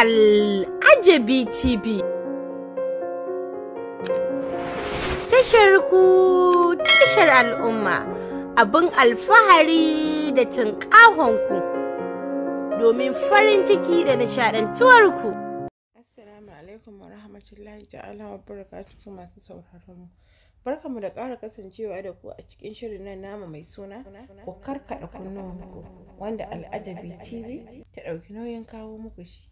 Al'ajabi TV. Tashar ku tashar al'umma abin alfahari da ku domin farin ciki da nishaɗantuwar ku. Assalamu alaikum wa rahmatullahi ta'ala wa barakatuhu masu sauraron mu. Barkanmu da ƙara kasancewa da ku a cikin shirin nan namu mai suna ku karkaɗa kunnuwanku wanda al'ajabi TV ta ɗauki nauyin kawo muku shi.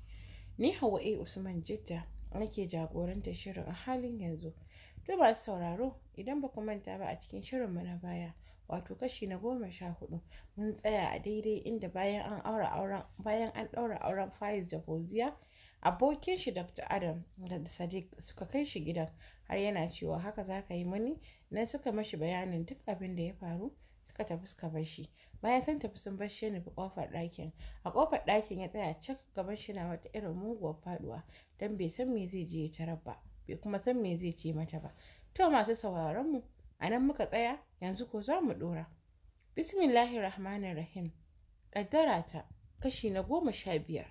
Ni Hauwa A. Usman Jidda nake jagorantar shirin a halin yanzu. To ba sauraro idan ba ku manta ba a cikin shirinmu na baya wato kashi na goma sha hudu mun tsaya a daidai inda bayan an ɗaura auren Faiz da hoziya abokin shi Dr. Adam da Sadiq suka kai shi gidan har yana cewa haka za ka yi mani na suka mashi bayanin duk abin da ya faru suka tafi suka bar shi bayan san tafi sun bar shi nufi kofar ɗakin a kofar ɗakin ya tsaya cak gaban shi na wata irin muguwar faduwa don bai san me zai je ta ba bai kuma san me zai ce mata ba to masu sauraron mu a nan muka tsaya yanzu ko za mu ɗora bismillahir rahmanir rahim kaddara ta kashi na goma sha biyar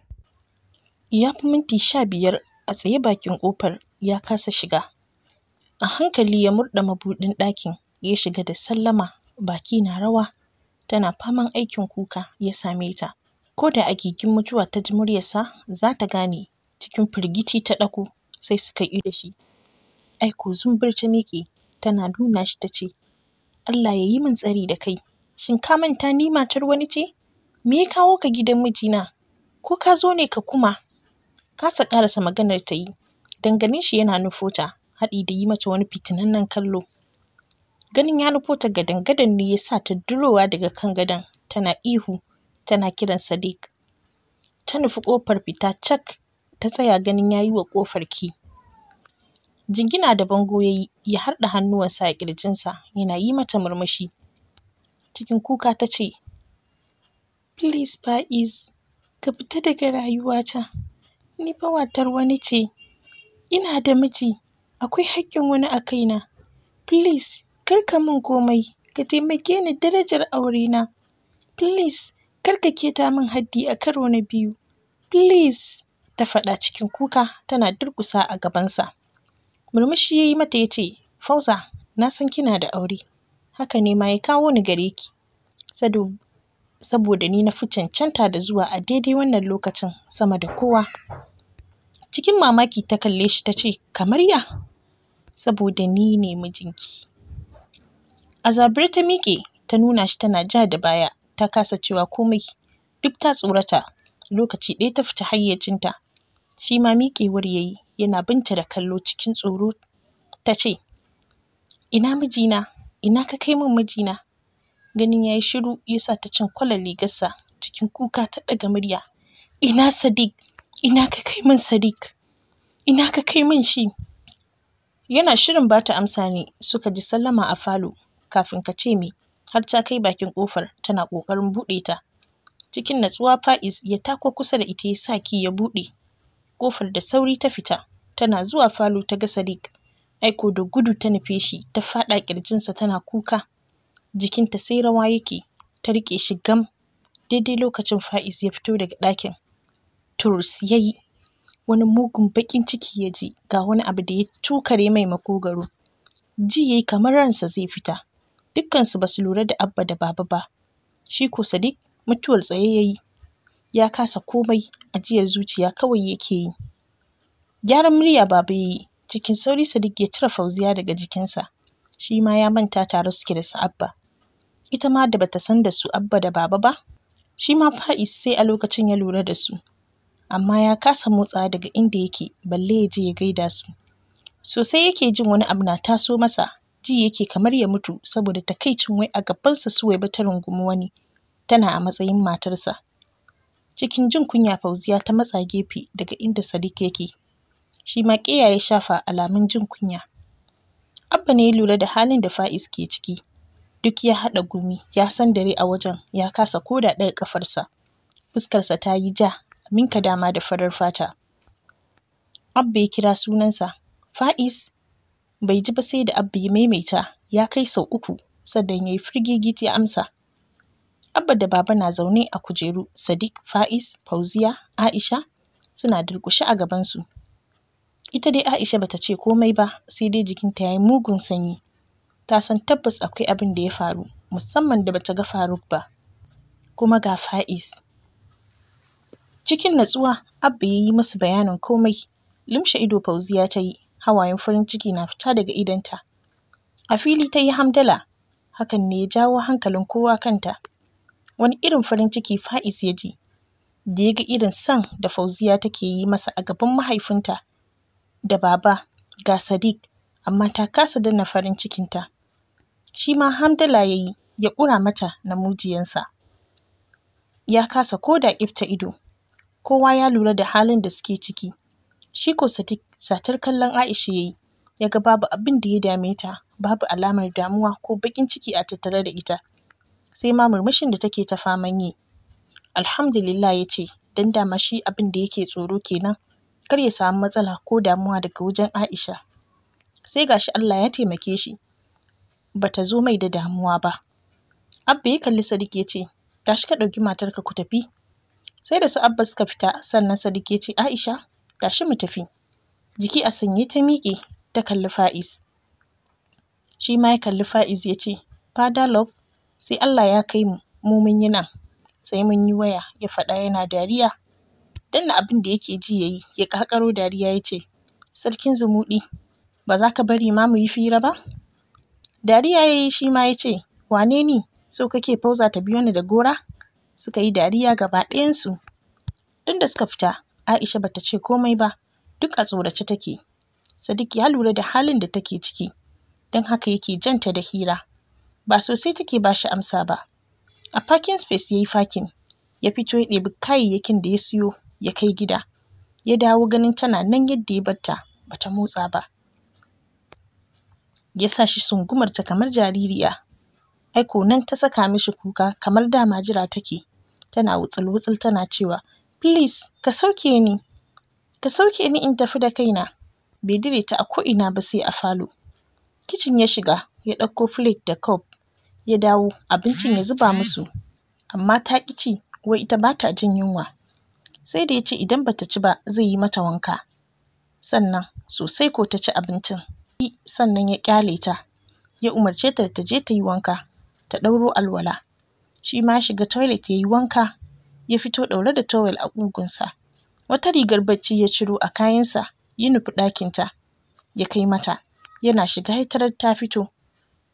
ya fi minti sha biyar a tsaye bakin kofar ya kasa shiga a hankali ya murɗa mabuɗin ɗakin ya shiga da sallama baki na rawa tana faman aikin kuka ya same ta ko da a gigin mutuwa ta ji muryarsa za ta gane cikin firgici ta ɗago sai suka yi da shi ai ko zumbur ta miƙe tana nuna shi ta ce Allah ya yi min tsari da kai shin ka manta ni matar wani ce me ya kawo ka gidan mijina ko ka zo ne ka kuma kasa ƙarasa maganar ta yi don ganin shi yana nufota, haɗi da yi mata wani fitinannen kallo Ganin ya nufo ta gadan-gadan ne ya sa ta durowa daga kan gadon tana ihu tana kiran Sadiq. Ta nufi ƙofar fita cak ta tsaya ganin ya yi wa ƙofar ki. Jingina da bango ya yi ya harɗa hannuwansa a ƙirjinsa yana yi mata murmushi. Cikin kuka ta ce, Please Fa'iz, ka fita daga rayuwa ta. Ni fa wani ce. Ina da miji. Akwai haƙƙin wani a kaina. Please, kar ka min komai ka taimake ni darajar aure na, please kar ka keta min haddi a karo na biyu please ta faɗa cikin kuka tana durƙusa a gabansa murmushi ya yi mata ya ce fauza na san kina da aure haka ne ma ya kawo ni gare ki saboda ni na fi cancanta da zuwa a daidai wannan lokacin sama da kowa cikin mamaki ta kalle shi ta ce kamar ya saboda ni ne mijinki A zabure ta miƙe ta nuna shi tana ja da baya ta kasa cewa komai duk ta tsorata lokaci ɗaya ta fita hayyacinta shi ma miƙewar ya yi yana binta da kallo cikin tsoro ta ce ina mijina ina ka kai min mijina ganin ya yi shiru ya sa ta cin kwalar rigarsa cikin kuka ta ɗaga murya ina sadiq ina ka kai min sadiq ina ka kai min shi yana shirin ba ta amsa ne suka ji sallama a falo kafin ka ce me har ta kai bakin ƙofar tana ƙoƙarin buɗe ta cikin natsuwa Faiz ya tako kusa da ita ya sa ki ya buɗe ƙofar da sauri ta fita tana zuwa falo ta ga Sadiq aiko da gudu ta nufe shi ta faɗa ƙirjinsa tana kuka jikinta sai rawa yake ta riƙe shi gam daidai lokacin Faiz ya fito daga ɗakin turus ya yi wani mugun baƙin ciki ya ji ga wani abu da ya tukare mai makogaro ji yayi kamar ransa zai fita dukkansu ba su lura da Abba da Baba ba shi ko Sadiq mutuwar tsaye yi ya kasa komai ajiyar zuciya kawai yake yi gyaran murya Baba ya yi. cikin sauri Sadiq ya cire Fauziya daga jikinsa shi ma ya manta tare suke da su Abba ita ma da bata san da su Abba da Baba ba shi ma Faiz sai a lokacin ya lura da su amma ya kasa motsawa daga inda yake balle ya je ya gaida su sosai yake jin wani abu na taso masa ji yake kamar ya mutu saboda takaicin wai a gabansa Suwaiba ta rungumi wani tana a matsayin matarsa. Cikin jin kunya Fauziya ta matsa gefe daga inda Sadiq yake. Shi ma ƙeya ya shafa alamun jin kunya. Abba ne ya lura da halin da Faiz ke ciki. Duk ya haɗa gumi, ya san dare a wajen, ya kasa koda ɗaga ƙafarsa. Fuskarsa ta yi ja, minka dama da farar fata. Abba ya kira sunansa, Faiz, bai ji ba sai da abba ya maimaita ya kai sau uku sannan ya yi firgigit ya amsa abba da baba na zaune a kujeru sadiq fa'is fauziya aisha suna durƙushe a gabansu ita dai aisha bata ce komai ba sai dai jikinta ya yi mugun sanyi ta san tabbas akwai abin da ya faru musamman da bata ga faruk ba kuma ga fa'is cikin natsuwa abba ya yi masa bayanin komai lumshe ido fauziya ta yi hawayen farin ciki na fita daga idonta. A fili ta yi hamdala, hakan ne ya jawo hankalin kowa kanta. Wani irin farin ciki Faiz ya ji, da ya ga irin san da Fauziya take yi masa a gaban mahaifinta da baba ga Sadiq, amma ta kasa danna farin cikinta. Shi ma hamdala ya yi, ya ƙura mata na mujiyansa. Ya kasa ko da ƙifta ido, kowa ya lura da halin da suke ciki. Shi ko Sadiq satar kallon Aisha ya yi, ya ga babu abin da ya dame ta, babu alamar damuwa ko baƙin ciki a tattare da ita, sai ma murmushin da take ta faman yi. Alhamdulillah ya ce, don dama shi abin da yake tsoro kenan, kar ya samu matsala ko damuwa daga wajen Aisha. Sai gashi Allah ya taimake shi, Ba ta zo mai da damuwa ba. Abba ya kalli Sadiq ya ce, tashi ka ɗauki matarka ku tafi. Sai da su Abba suka fita sannan Sadiq ya ce, Aisha, gashi mu tafi jiki a sanye ta miƙe ta kalli Fa'iz shi ma ya kalli Fa'iz ya ce father love sai Allah ya kai mu mu mun yi nan sai mun yi waya ya faɗa yana dariya danna abin da yake ji yayi ya ƙaƙaro dariya ya ce sarkin zumuɗi ba za ka bari ma mu yi fira ba dariya ya yi shi ma ya ce wane ni so kake fauza ta biyo ni da gora suka yi dariya gaba ɗayansu tun suka fita Aisha bata ce komai ba, duk a tsorace take. Sadiq ya lura da halin da take ciki, don haka yake janta da hira. Ba sosai take ba shi amsa ba. A parking space ya yi fakin, ya fito ya ɗebi kayayyakin da ya siyo ya kai gida. Ya dawo ganin tana nan yadda ya barta, bata motsa ba. Ya sa shi ta kamar jaririya. Aiko nan ta saka mishi kuka kamar dama jira take, tana wutsul-wutsul tana cewa Please, ka sauke ni. Ka sauke ni in tafi da kaina. Bai dade ta a ko'ina ba sai a falo. Kicin ya shiga, ya ɗauko plate da cup, ya dawo abincin ya zuba musu. Amma ta ƙi ci, wai ita ba ta jin yunwa. Sai da ya ce idan ba ta ci ba zai yi mata wanka. Sannan sosai ko ta ci abincin. Sannan ya ƙyale ta, ya umarce ta da ta je ta yi wanka, ta ɗauro alwala. Shi ma ya shiga toilet ya yi wanka. ya fito ɗaure da towel a ƙugunsa. Wata rigar bacci ya ciro a kayansa ya nufi ɗakinta ya kai mata. Yana shiga ya tarar ta fito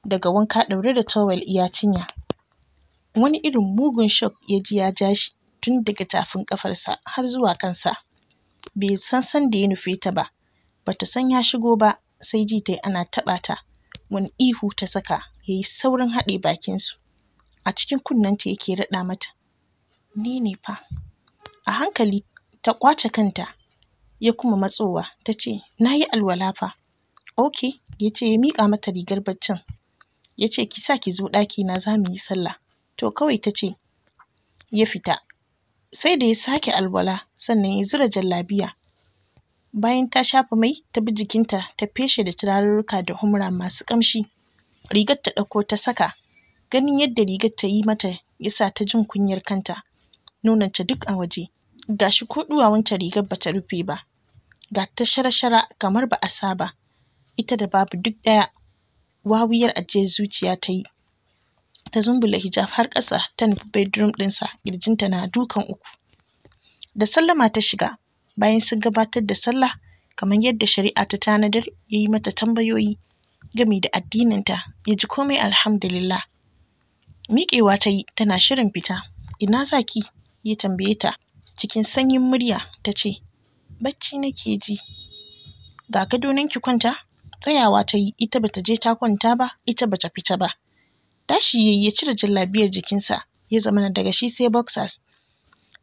daga wanka ɗaure da towel iya cinya. Wani irin mugun shock ya ji ya ja shi tun daga tafin ƙafarsa har zuwa kansa. Bai san sanda ya nufe ta ba, bata san ya shigo ba sai ji tayi ana taɓa ta. Wani ihu ta saka ya yi saurin haɗe bakinsu. A cikin kunnenta yake raɗa mata. ni ne fa a hankali ta ƙwace kanta ya kuma matsowa ta ce na yi alwala fa ok ya ce ya miƙa mata rigar baccin ya ce ki sa ki zo na, za mu yi sallah to kawai ta ce ya fita sai da ya sake alwala sannan ya zura jallabiya bayan ta shafa mai ta bi jikinta ta feshe da turarurruka da humra masu ƙamshi rigar ta ɗauko ta saka ganin yadda rigar ta yi mata ya sa ta jin kunyar kanta nononta duk a waje Ga shi ko ɗuwawunta rigar bata rufe ba Ga ta shara-shara kamar ba sa saba ita da Babu duk ɗaya wawiyar ajiye zuciya ta yi. ta zumbula hijab har ƙasa ta nufi bedroom ɗinsa ƙirjinta na dukan uku da sallama ta shiga bayan sun gabatar da sallah kamar yadda shari'a ta tanadar ya yi mata tambayoyi gami da addininta ya ji komai alhamdulillah miƙewa ta yi tana shirin fita ina zaki ya tambaye ta cikin sanyin murya ta ce bacci nake ji ga gado nan ki kwanta tsayawa ta yi ita bata je ta kwanta ba ita bata fita ba tashi yayi ya cire jallabiyar jikinsa ya zamana daga shi sai boxers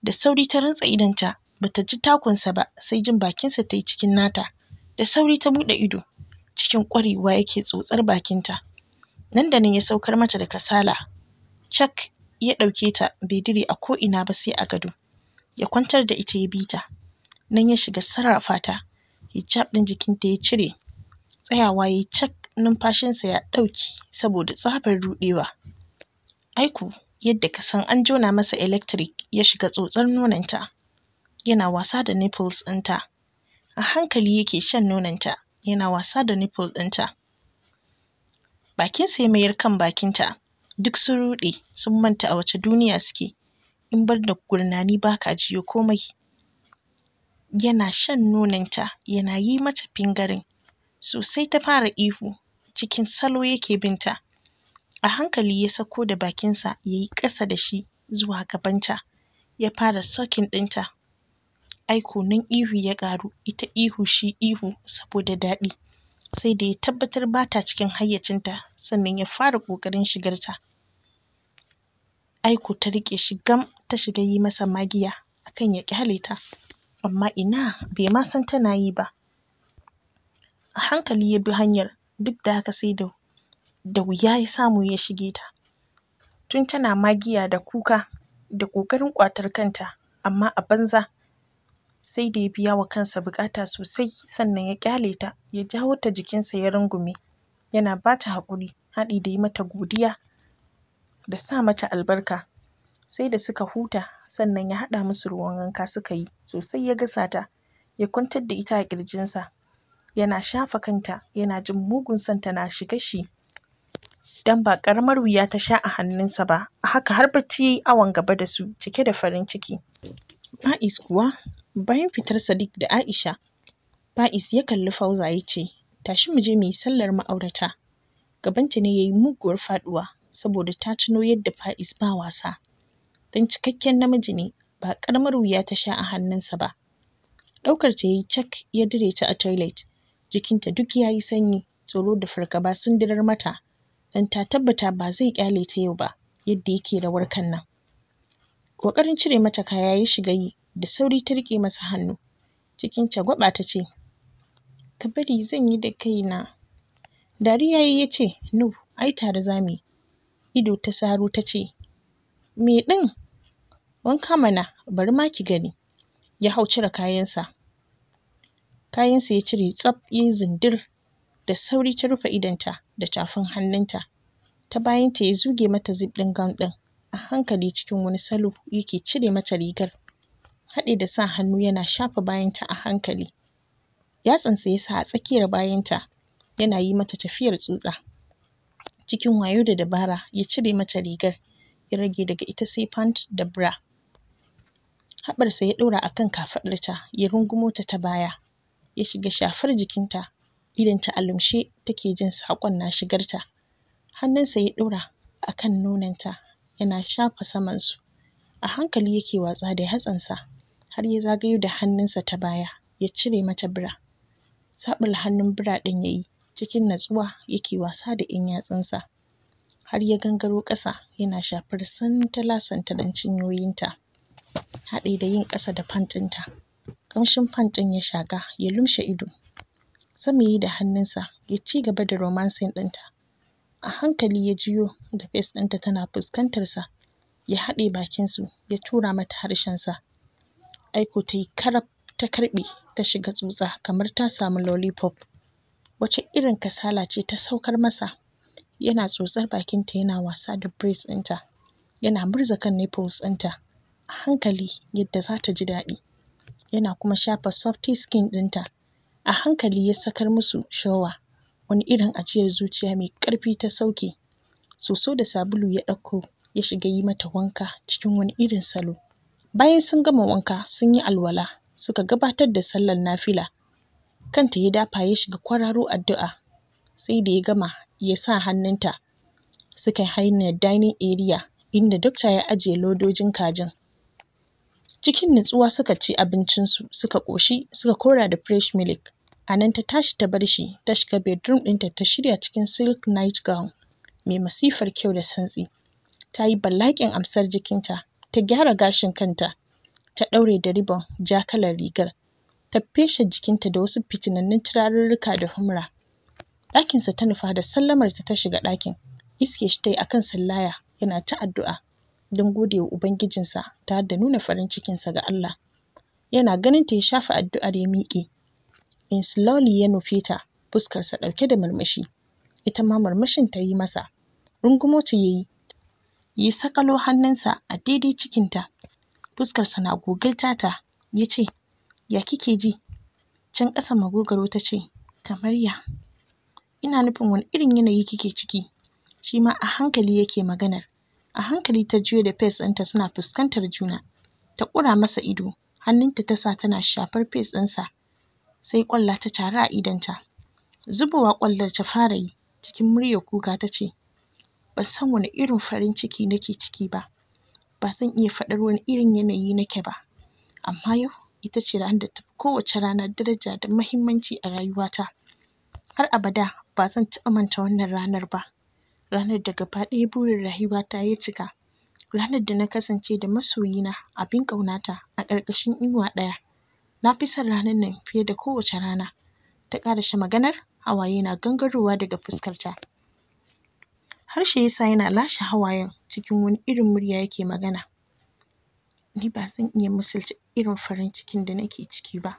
da sauri ta rantsa ta bata ji takunsa ba sai jin bakinsa ta yi cikin nata da sauri ta buɗe ido cikin ƙwarewa yake tsotsar bakinta nan da nan ya saukar mata da kasala cak ya ɗauke ta bai dire a ko'ina ba sai a gado ya kwantar da ita ya bi ta nan ya shiga sarrafa ta hijab ɗin ta ya cire tsayawa ya yi cak numfashinsa ya ɗauki saboda tsabar ruɗewa aiku yadda ka san an jona masa electric ya shiga tsotsar ta yana wasa da nipples ɗinta a hankali yake shan nononta yana wasa da nipple ɗinta bakinsa ya mayar kan bakinta duk sun ruɗe sun manta a wace duniya suke in bar da gurnani ba ka jiyo komai yana shan nononta yana yi mata fingering sosai ta fara ihu cikin salo yake binta a hankali ya sako da bakinsa ya yi ƙasa da shi zuwa gabanta ya fara sucking ɗinta ai nan ihu ya ƙaru ita ihu shi ihu saboda daɗi sai da ya tabbatar ba ta cikin hayyacinta sannan ya fara ƙoƙarin shigarta Aiko ta riƙe shi gam ta shiga yi masa magiya akan ya ƙyale ta. Amma ina bai ma san tana yi ba. A hankali ya bi hanyar duk da haka sai da da wuya ya samu ya shige ta. Tun tana magiya da kuka da ƙoƙarin ƙwatar kanta amma a banza. Sai da ya biya wa kansa buƙata sosai sannan ya ƙyale ta ya jawo ta jikinsa ya rungume yana ba ta haƙuri haɗi da yi mata godiya da sa mata albarka sai da suka huta sannan ya haɗa musu ruwan wanka suka yi sosai ya gasa ta ya kwantar da ita a ƙirjinsa yana shafa kanta yana jin mugun son na shiga shi don ba ƙaramar wuya ta sha a hannunsa ba a haka har bacci ya yi awon gaba da su cike da farin ciki Fa'iz kuwa bayan fitar Sadiq da Aisha Fa'iz ya kalli Fauza ya ce tashi mu je mu yi sallar ma'aurata gabanta ne ya yi muguwar faɗuwa saboda ta tuno yadda Faiz ba wasa. Don cikakken namiji ne, ba ƙaramar wuya ta sha a hannunsa ba. Ɗaukar ta yi cak ya dire ta a toilet, jikinta duk ya yi sanyi, tsoro da fargaba sun dirar mata, don ta tabbata ba zai kyale ta yau ba, yadda yake rawar kan nan. Ƙoƙarin cire mata kaya ya shiga yi, da sauri ta riƙe masa hannu. Cikin gwaba ta ce, Ka bari zan yi da kaina. Dariya ya ce, No, ai tare za mu yi. ido ta saro ta ce me ɗin wanka mana bari ma ki gani ya hau cire kayansa kayansa ya cire tsaf ya yi zindir da sauri ta rufe idonta da tafin hannunta ta bayanta ya zuge mata zip ɗin gan ɗin a hankali cikin wani salo yake cire mata rigar haɗe da sa hannu yana shafa bayanta a hankali yatsansa ya sa a tsakiyar bayanta yana yi mata tafiyar tsutsa cikin wayo da dabara ya cire mata rigar ya rage daga ita sai pant da bra haɓarsa ya ɗora akan kafaɗarta ya rungumo ta ta baya ya shiga shafar jikinta idan a lumshe take jin saƙon na shigarta hannunsa ya ɗora akan ta yana shafa saman su. a hankali yake watsa da sa har ya zagayo da hannunsa ta baya ya cire mata bra saɓul hannun bra ɗin ya yi cikin natsuwa yake wasa da ‘yan yatsunsa har ya gangaro ƙasa yana shafar santala-santalan cinyoyinta haɗe da yin ƙasa da fantinta, ɗinta. Ƙamshin fantin ya shaƙa ya lumshe ido. Sama yi da hannunsa ya ci gaba da romancing ɗinta. A hankali ya jiyo da fes ɗinta tana fuskantarsa ya haɗe bakinsu ya tura mata harshensa. sa. Aiko ta yi karab ta karɓe ta shiga tsutsa kamar ta samu lollipop. wace irin kasala ce ta saukar masa yana tsotsar bakinta yana wasa da braids ɗinta yana murza kan nipples ɗinta a hankali yadda za ta ji daɗi yana kuma shafa softy skin ɗinta a hankali ya sakar musu showa wani irin ajiyar zuciya mai ƙarfi ta sauke soso da sabulu ya ɗauko ya shiga yi mata wanka cikin wani irin salo bayan sun gama wanka sun yi alwala suka gabatar da sallar nafila kanta ya dafa ya shiga kwararo addu'a sai da ya gama ya sa hannunta suka hanyar dining area inda dokta ya ajiye lodojin kajin cikin nutsuwa suka ci abincinsu suka ƙoshi suka kora da fresh milk a nan ta tashi ta bar shi ta shiga bedroom ɗinta ta shirya cikin silk night gown mai masifar kyau da santsi ta yi balaƙin amsar jikinta ta gyara gashin kanta ta ɗaure da ribbon ja kalar rigar ta feshe jikinta da wasu fitinannun turarurruka da humra. Ɗakinsa ta nufa da sallamarta ta shiga ɗakin. Iske shi ta yi a kan sallaya yana ta addu'a don gode wa Ubangijinsa tare da nuna farin cikinsa ga Allah. Yana ganin ta ya shafa addu'ar ya miƙe. In slowly ya nufe ta fuskarsa ɗauke da murmushi. Ita ma murmushin ta yi masa. Rungumo ta ya yi. Ya sakalo hannunsa a daidai cikinta. Fuskarsa na gogar tata ya ce, ya kike ji? Can ƙasan magogaro ta ce, kamar ya? Ina nufin wani irin yanayi kike ciki? Shi ma a hankali yake maganar. A hankali ta juyo da fes ɗinta suna fuskantar juna. Ta ƙura masa ido, hannunta ta sa tana shafar fes ɗinsa. Sai ƙwalla ta taru a idonta. Zubowa ƙwallar ta fara yi, cikin muryar kuka ta ce, ban san wane irin farin ciki nake ciki ba, ba zan iya faɗar wani irin yanayi nake ba, amma yau ita ce ranar da ta fi kowace rana daraja da muhimmanci a rayuwata. Har abada ba zan taɓa manta wannan ranar ba, ranar da gaba ɗaya burin rayuwa ta ya cika, ranar da na kasance da masoyina, abin ƙaunata a ƙarƙashin inuwa ɗaya. Na fi son ranar nan fiye da kowace rana. Ta ƙarashe maganar, hawaye na gangarowa daga fuskarta. Harshe ya sa yana lashe hawayen cikin wani irin murya yake magana. ni ba zan iya misalta irin farin cikin da nake ciki ba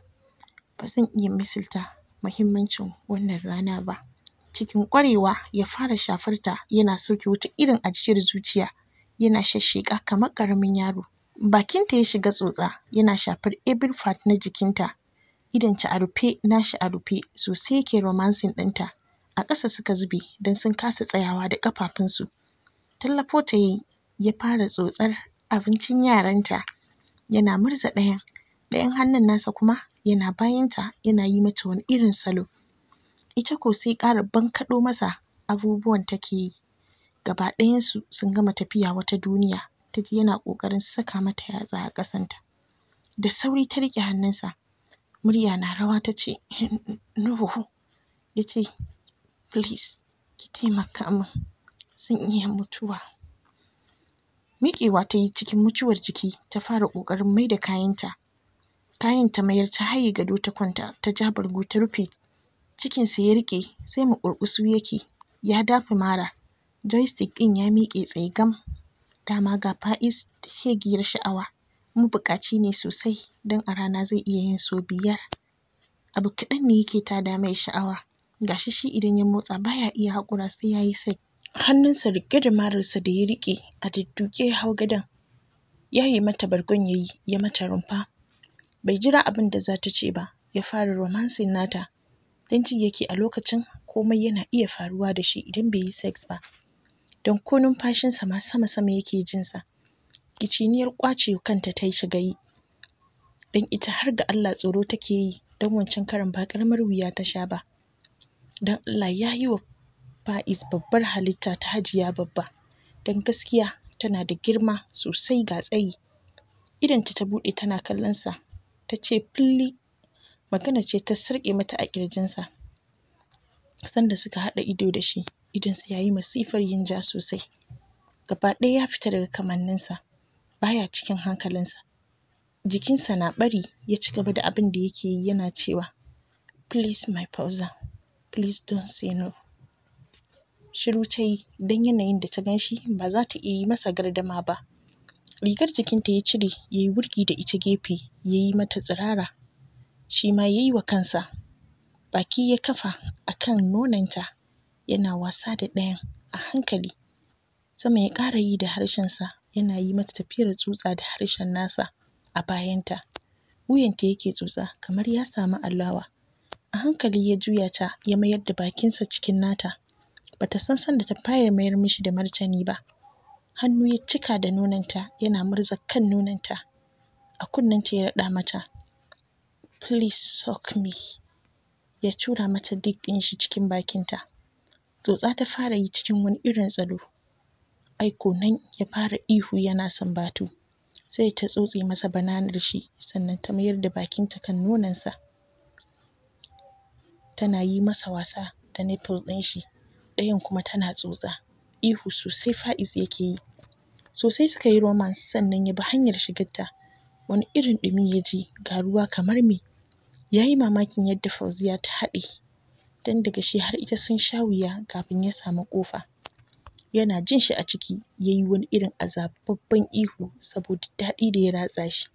ba zan iya misalta muhimmancin wannan rana ba cikin ƙwarewa ya fara shafar ta yana sauke wata irin ajiyar zuciya yana shasshaƙa kamar ƙaramin yaro bakinta ya shiga tsotsa yana shafar every part na jikinta ta a rufe nashi a rufe sosai yake romancing ɗinta a ƙasa suka zube don sun kasa tsayawa da ƙafafunsu tallafo ta yayi ya fara tsotsar abincin yaranta yana murza ɗayan ɗayan hannun nasa kuma yana bayanta yana yi mata wani irin salo ita ko sai ƙara bankaɗo masa abubuwan take yi gaba ɗayansu sun gama tafiya wata duniya ta ji yana ƙoƙarin saka mata yatsa a ƙasanta da sauri ta riƙe hannunsa murya na rawa ta ce no ya ce please ki taimaka min zan iya mutuwa miƙewa ta yi cikin mutuwar jiki ta fara ƙoƙarin maida kayanta kayan ta mayar ta haye gado ta kwanta ta ja bargo ta rufe cikin sa ya riƙe sai maƙurƙusu yake ya dafe mara joystick ɗin ya miƙe tsaye gam dama ga Fais da shegiyar sha'awa mabuƙaci ne sosai don a rana zai iya yin sau biyar abu kaɗan ne yake tada mai sha'awa gashi shi idan ya motsa baya iya haƙura sai ya yi sai. hannunsa riƙe da mararsa da ya riƙe a dudduke ya hau gadon Ya yi mata bargon ya yi ya mata rumfa bai jira abin da za ta ce ba ya fara romancing nata don ji yake a lokacin komai yana iya faruwa da shi idan bai yi sex ba don ko numfashinsa ma sama-sama yake jinsa kiciniyar ƙwace kanta ta shiga yi don ita har ga Allah tsoro take yi don wancan karin ba ƙaramar wuya ta sha ba don Allah ya yi wa Faiz babbar halitta ta Hajiya Babba don gaskiya tana da girma sosai ga tsayi idonta ta buɗe tana kallonsa ta ce filli magana ce ta sarƙe mata a ƙirjinsa sanda suka haɗa ido da shi idonsa ya yi masifar yin ja sosai gaba ɗaya ya fita daga kamanninsa ba ya cikin hankalinsa jikinsa na ɓari ya ci gaba da abin da yake yi yana cewa please my Fauza please don't say no shiru ta yi don yanayin da ta ganshi ba za ta iya yi masa gardama ba rigar jikinta ya cire ya yi wurgi da ita gefe ya yi mata tsirara shi ma ya yi wa kansa baki ya kafa a kan nonon ta yana wasa da ɗayan a hankali sama ya ƙara yi da harshen sa, yana yi mata tafiyar tsutsa da harshen nasa a bayanta wuyanta yake tsutsa kamar ya samu alawa a hankali ya juya ta ya mayar da bakinsa cikin nata bata san sanda ta fara mayar mishi da martani ba hannu ya cika da ta yana murza kan ta a kunnenta ya raɗa mata please suck me ya tura mata dik ɗin shi cikin bakinta tsotsa ta fara yi cikin wani irin tsaro. aiko nan ya fara ihu yana sambatu sai ta tsotse masa bananar shi sannan ta mayar da bakinta kan sa tana yi masa wasa da nipple ɗin shi ɗayan kuma tana tsotsa ihu sosai Fa'iz yake yi sosai suka yi romance sannan ya bi hanyar shigarta wani irin ɗumi ya ji ga ruwa kamar me ya yi mamakin yadda Fauziya ta haɗe don daga shi har ita sun sha wuya kafin ya samu ƙofa yana jin shi a ciki ya yi wani irin azababban ihu saboda daɗi da ya ratsa shi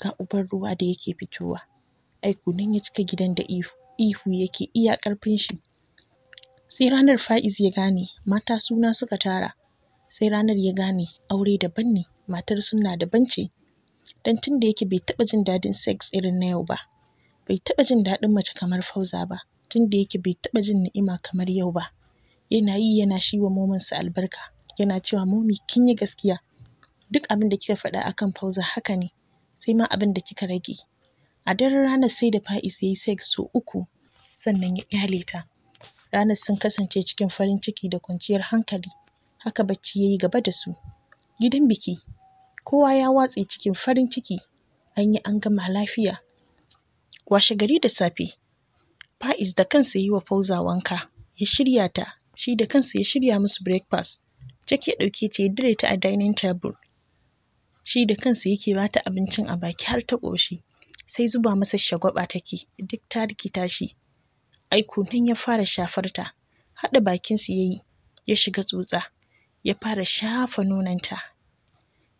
ga uban ruwa da yake fitowa Aiko nan ya cika gidan da ihu ihu yake iya ƙarfin shi sai ranar fa'iz ya gane mata suna suka tara sai ranar ya gane aure daban ne matar suna daban ce don tun da yake bai taɓa jin daɗin sex irin na yau ba bai taɓa jin daɗin mace kamar fauza ba tun da yake bai taɓa jin ni'ima kamar yau ba yana yi yana shi wa momansa albarka yana cewa momi kin yi gaskiya duk abin da kika faɗa akan fauza haka ne sai ma abin da kika rage a daren ranar sai da fa'iz ya yi sex sau uku sannan ya ƙyale ta Ranar sun kasance cikin farin ciki da kwanciyar hankali, haka bacci ya yi gaba da su. Gidan biki, kowa ya watse cikin farin ciki, an yi an gama lafiya. Washe gari da safe, Fa'iz da kansa yi wa Fauza wanka, ya shirya ta, shi da kansa ya shirya musu breakfast. Jack ya ɗauke ta ya dire ta a dining table. Shi da kansa yake ba ta abincin a baki har ta ƙoshi, sai zuba masa shagwaba take, duk ta rikita shi. Aiko, nan ya fara shafar ta. haɗa bakinsu ya yi ya shiga tsotsa ya fara shafa nononta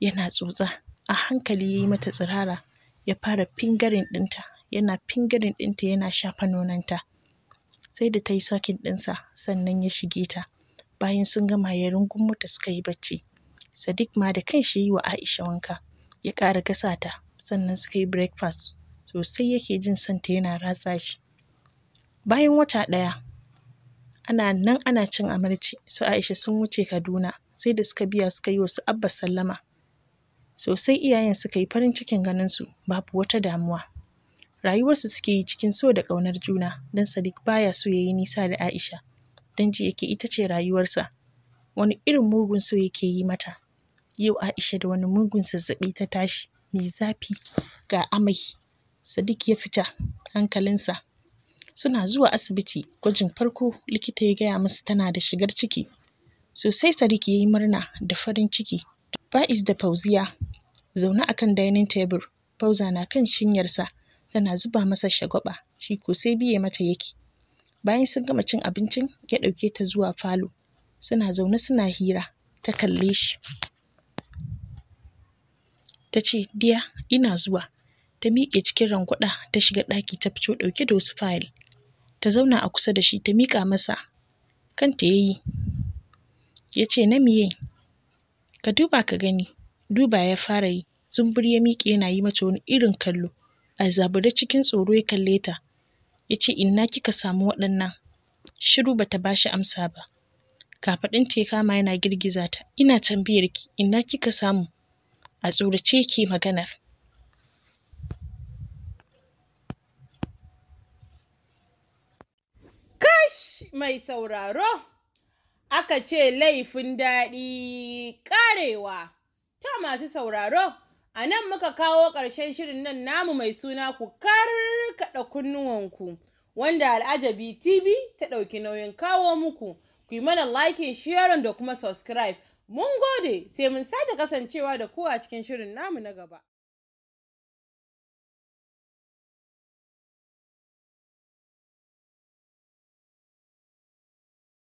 yana tsotsa a hankali ya yi mata tsirara ya fara fingarin ɗinta yana fingarin ɗinta yana shafa nonanta sai da ta yi sakin ɗinsa sannan ya shige ta bayan sun gama ya rungumo ta suka yi bacci sadiq ma da kanshi ya yi wa aisha wanka ya ƙara gasa ta sannan suka yi breakfast sosai yake jin santa yana ratsa shi bayan wata ɗaya ana nan ana cin amarci su aisha sun wuce kaduna sai da suka biya suka yi wasu abba sallama sosai iyayen suka yi farin cikin ganin su babu wata damuwa rayuwarsu suke yi cikin so da ƙaunar juna don sadiq baya so ya yi nisa da aisha don ji yake ita ce rayuwarsa wani irin mugun so yake yi mata yau aisha da wani mugun zazzaɓi ta tashi mai zafi ga amai sadiq ya fita hankalinsa Suna zuwa asibiti gwajin farko likita ya gaya musu tana da shigar ciki. Sosai Sadiq ya yi murna da farin ciki. Fa'iz da Fauziya zaune akan dining table. Fauza na kan shinyarsa tana zuba masa shagwaba shi ko sai biye mata yake. Bayan sun gama cin abincin ya ɗauke ta zuwa falo. Suna zaune suna hira ta kalle shi. Ta ce, Diya, ina zuwa. Ta miƙe cikin rangwada ta shiga ɗaki ta fito ɗauke da wasu fayil. ta zauna a kusa da shi ta miƙa masa kanta ya yi ya ce na miye ka duba ka gani duba ya fara yi zumburi ya miƙe yana yi mata wani irin kallo a zabure cikin tsoro ya kalle ta ya ce inna kika samu waɗannan shiru bata bashi amsa ba ta ya kama yana girgiza ta ina tambayarki. ki ina kika samu a tsorace yake maganar mai sauraro, aka ce laifin daɗi ƙarewa. Ta masu sauraro, a nan muka kawo ƙarshen shirin nan namu mai suna ku karkaɗa kunnuwanku, wanda al'ajabi TV ta ɗauki nauyin kawo muku. Ku yi mana like, share, da kuma subscribe. Mun gode, sai mun sake kasancewa da ku a cikin shirin namu na gaba.